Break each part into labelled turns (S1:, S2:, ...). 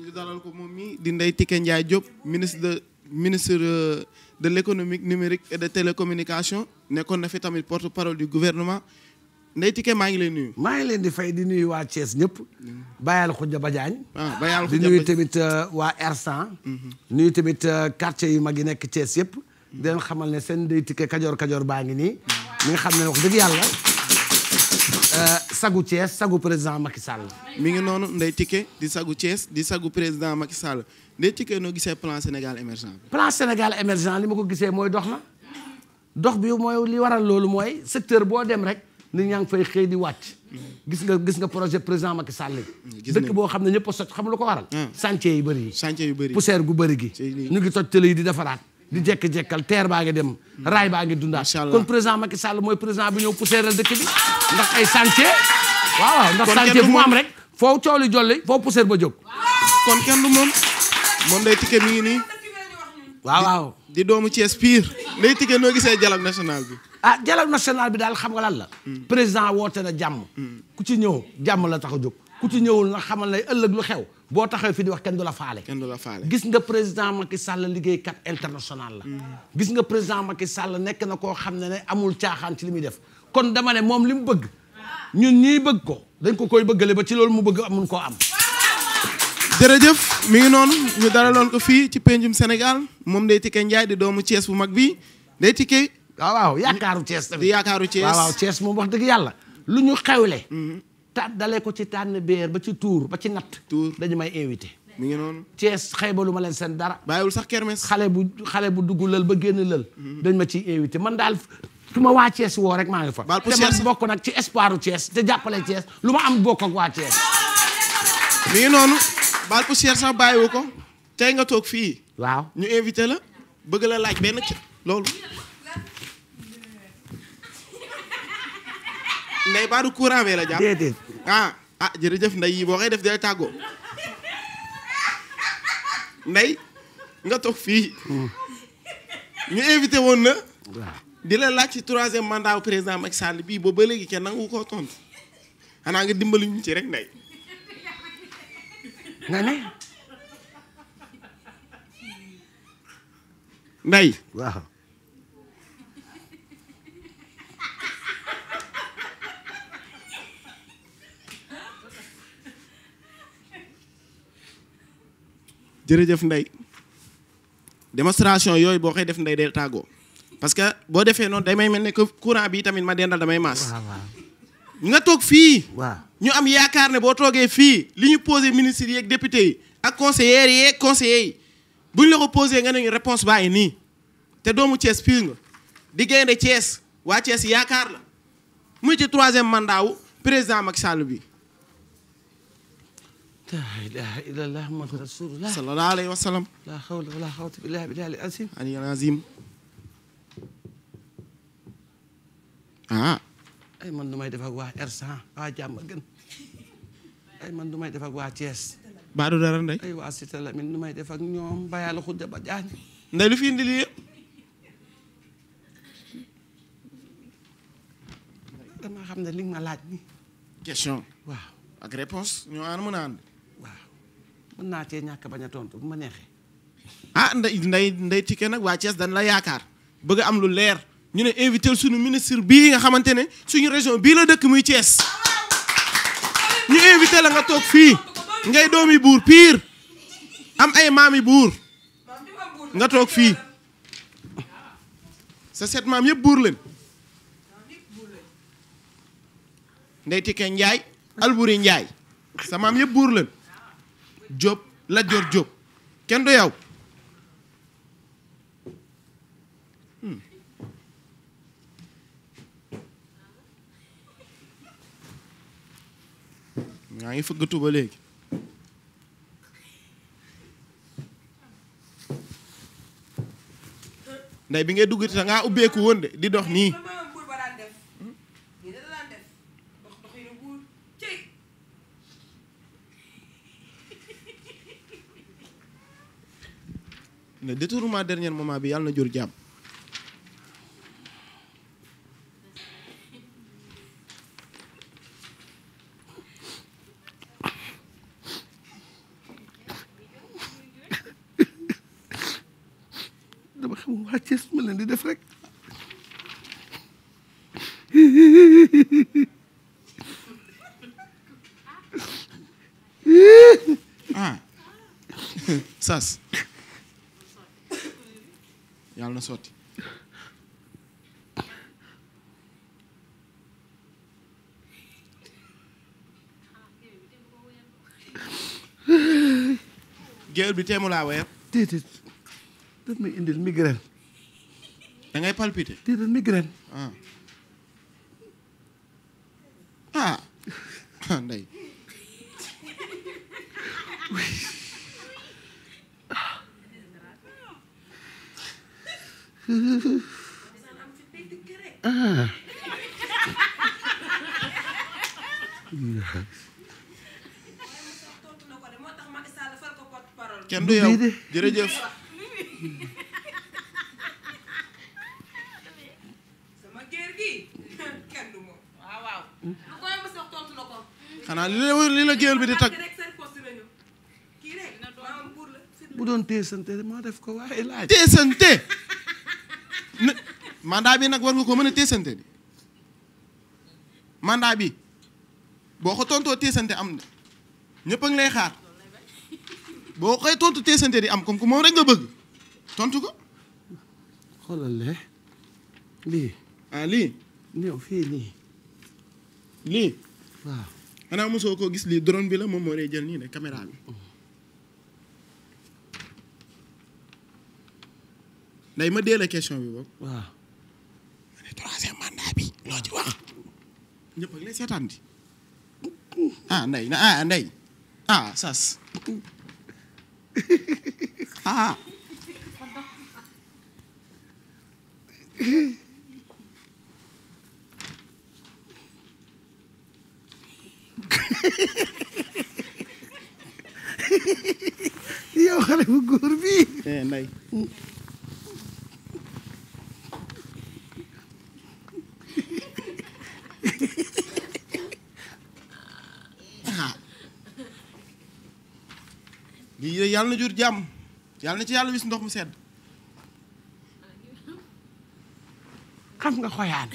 S1: ñu dalal ko moom mii di Ndeye Tické Ndiaye Diop ministre de ministre euh, de l'économique numérique et de télécommunication nekkoon na fi tamit porte-parole du gouvernement Ndeye Tické maa ngi lay nuyu. maa ngi leen di fay di nuyu waa Thiès ñëpp. Mm-hmm. Bayal Khoudia Badiagne. ah di euh, mm-hmm. nuyu tamit waa R100. nuyu tamit quartier yu mag yi nekk Thiès yëpp. Mm-hmm. den xamal ne seen Ndeye Tické Kajoor Kajoor baa ngi nii. mi nga xam ne wax dëgg yàlla. Euh, sagu Thiès sagu président Macky Sall. mi ngi noonu Ndeye Tické di sagu Thiès di sagu président Macky Sall Ndeye Tické noo gisee plan Sénégal émergent. plan Sénégal émergent li ma ko gisee mooy dox na dox bi mooy li waral loolu mooy secteur boo dem rek nit ñaa ngi fay xëy di wàcc. gis nga gis nga projet président Macky Sall yi. Mm, dëkk boo xam ne ñëpp a sot xam lu ko waral. Ah. chantier yu bëri yi. chantier yu bëri poussière gu bëri gi. ñu ngi toj télé yi di defaraat. di jekk-jekkal teer baa ngi dem raay baa ngi dundaat kon président Macky Sall mooy président bi ñëw pousseeral dëkk bi ndax ay chantier waaw ndax chantier bu mu am rek foo cooli jolli foo pousseer ba jóg kon kenn du moom moom Ndeye mi ngi nii waaw waaw di doomu Thiès pire Ndeye Tické noo gisee dialogue national bi ah dialogue national bi daal xam nga lan la hmm. président woote na jàmm hmm. ku ci ñëw jàmm la tax a jóg ku ci ñëwul na xamal ne ëllëg lu xew boo taxaw fi di wax kenn du la faale. kenn du la faale gis nga président Macky Sall liggéeykat international la. Mm. gis nga président makki Sall nekk na koo xam ne ne amul caaxaan ci li muy def kon dama ne moom li mu bëgg ñun ñii bëgg ko dañ ko koy bëggale ba ci loolu mu bëgg amun koo am. jërëjëf mi ngi noonu ñu daraloon ko fii ci pencum Sénégal moom Ndeye Tické njaay di doomu Thiès bu mag bi Ndeye Tické. waaw waaw yaakaaru Thiès tamit di yaakaaru Thiès waaw waaw moom wax dëgg yàlla tànn dalee ko ci tànn beer ba ci tuur ba ci nat tuur dañu may invité. mi ngi noonu Thiès xaybalu ma leen seen dara. bàyyiwul sax kermesse. xale bu xale bu dugg lël ba génn lël. dañ ma ciy invité man daal su ma waa Thiès woo rek maa ngi fa. te man bokk nag ci espoiru Thiès te jàppale Thiès lu ma am bokk ak waa Thiès. mi ngi noonu. baal poussière sax bàyyiwu ko. tey nga toog fii. waaw ñu invité la bëgg la laaj benn ci loolu. nday baadu courant bee la jàpp ah ah jërëjëf nday yi boo koy def del tàggoo nday nga toog fii hmm. ñu invité woon na di la laaj ci troisième mandat wu président Macky Sall bii boo ba léegi kenn nangu koo tontu xanaa nga dimbali ci rek nday nga ne nday jërëjëf ndey démonstration yooyu boo koy def nday day taagoo parce que boo defee noonu damay mel ne que courant bi tamit ma dendal damay maas. nga toog fii. waaw ñu am yaakaar ne boo toogee fii li ñu posé ministres yeeg députés yi ak conseillers yeeg conseillers yi bu ñu la ko posé nga ne ñu réponse baa ngi nii te doomu Thiès pire nga di gaynde Thiès waa Thiès yaakaar la muy ci troisième mandat président Macky Sall bi. laa ilaaha illallaah Muhammad rasuulullaah sallallaahu alayhi wa sallam laa hawla wa man du may def ak waa ay man du may def ak waa Thiès baa ay waa Cité Lamy du may def ak ñoom bayaal xudda ba jaañ ndey lu fi indi lii dama xam ne li nga ma laaj ni question waaw ak réponse ñoo aan mën a naa cee ñàkk bañ a tontu bu ma neexee. ah nday nday nday Tické nag waa Thiès dañ la yaakaar bëgg am lu leer ñu ne invité suñu ministre bii nga xamante ne suñu région bii la dëkk muy Thiès ñu invité la nga toog fii ngay doom yi buur piir am ay maam yi buur nga toog fii sa set maam yëpp buur leen nday Tické Njaay Alburi Njaay sa maam yëpp buur leen jóob la Dior Diop kenn du yow hmm. yaa ngi fëggatu ba léegi nday bi ngay dugg te dangaa ubbeeku woon di dox nii ne détournement dernier moment bi yàlla na jur jàmm dama xamul waa ah sas yàlla na sotti géwél bi teemu laa weer déedéet daf may indil migraine da ngay palpiter déedéet migraine ah ah ndey ah. kenn du yow li la li la bi di tag bu doon téesante moo def ko waaye laaj téesante mandat bi nag war nga ko mën a téesante di mandat bi boo ko tontoo téesante am na ñëpp a ngi xaar boo koy tontu téesante di am comme que moom rek nga bëgg tontu ko. xoolal lii. ah lii. ñëw fii nii. lii. waaw. mosoo koo gis lii drone bi la moom moo lay jël nii ne caméra bi. nday ma dee la question bi boobu. loo ci wax ñëpp ak lay na ah ndey ah, ah, ah sas ah yow xale bu góor bi eh, lii yàlla na jur jàmm yàlla na ci yàlla wis ndox mu sedd xam nga xoyaan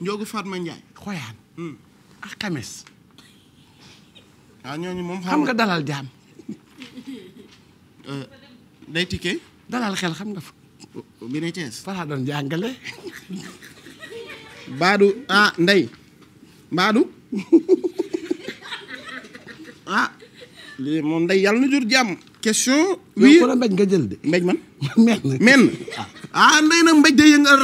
S1: njoogu Fatma Ndiaye xoyaan hmm. ak xames ah, ñooñu moom xam nga dalal jàmm euh, day tikkee dalal xel xam nga fa bi ne doon jàngale baadu ah ndey baadu ah lii moom ndey yàlla na jur jàmm. question. oui yow mbéj nga jël de. mbéj man. men men ah. ah ndey na mbéj de yëngal rab.